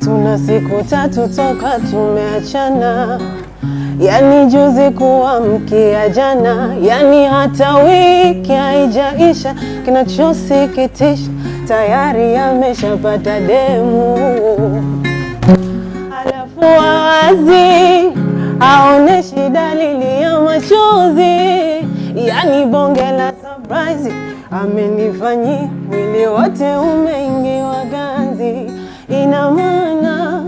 Tuna siku tatu toka tumeachana, yani juzi kuamkia jana, yani hata wiki haijaisha. Kinachosikitisha tayari ameshapata demu, alafu awazi aoneshi dalili surprise, amenifanyia mwili wote umeingiwa ganzi. Ina maana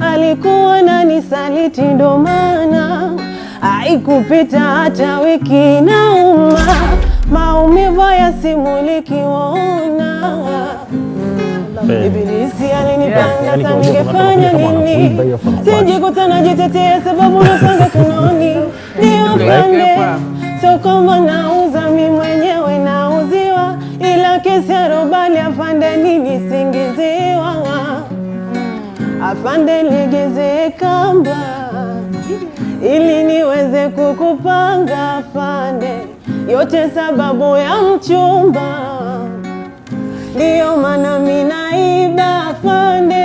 alikuwa ananisaliti, ndo maana haikupita hata wiki. Nauma maumivu yasimuliki, waona Ibilisi alinipanga sana, ningefanya nini? Sijikuta najitetea sababu nasonga kunoni ni upande sio kwamba nauza mimi mwenyewe Rais Arobani afande, nilisingiziwa afande, legeze kamba ili niweze kukupanga afande, yote sababu ya mchumba, ndiyo maana minaiba afande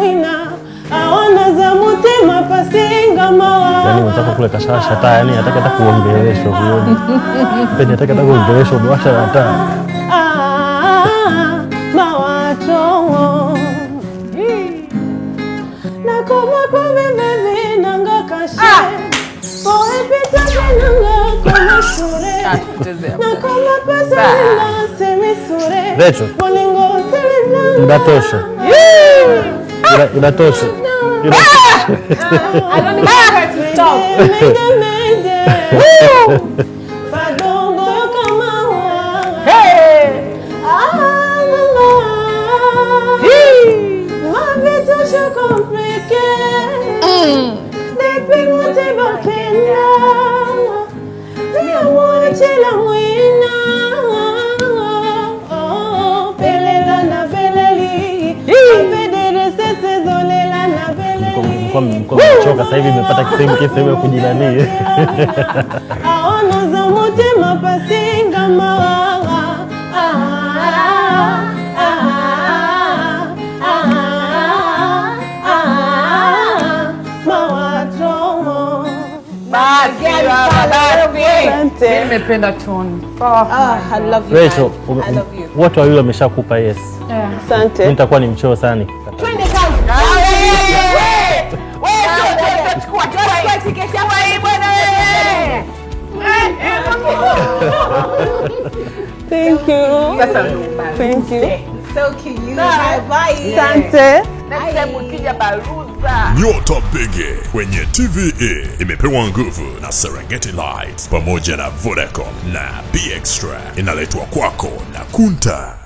wina aona za mutima pasinga mawa mwenzako yaani kule kashasha taa, yani hataki hata kuongeleshwa kuoni, yani hataki hata kuongeleshwa, mwasha ah, na taa nakoma kwame bebi nanga kashe ah! poepita benanga koma sure ah, nakoma pasa nina semisure bolingo selinanga ndatosha Inatosha. Ah! Ah! kutoka sasa hivi imepata kisehemu kisehemu ya kujinanii aona za mutima pasinga mawawa nimependa tone. Ah, I love you. Rachel, wote wawili wameshakupa yes. Asante. Yeah. Nitakuwa ni mchoo sana. Thank you. Sasa Thank you. So cute. Asante. bye. time ukija Baruza. Nyota Bigi kwenye TVE imepewa nguvu na Serengeti light pamoja na Vodacom na B inaletwa kwako na Kunta.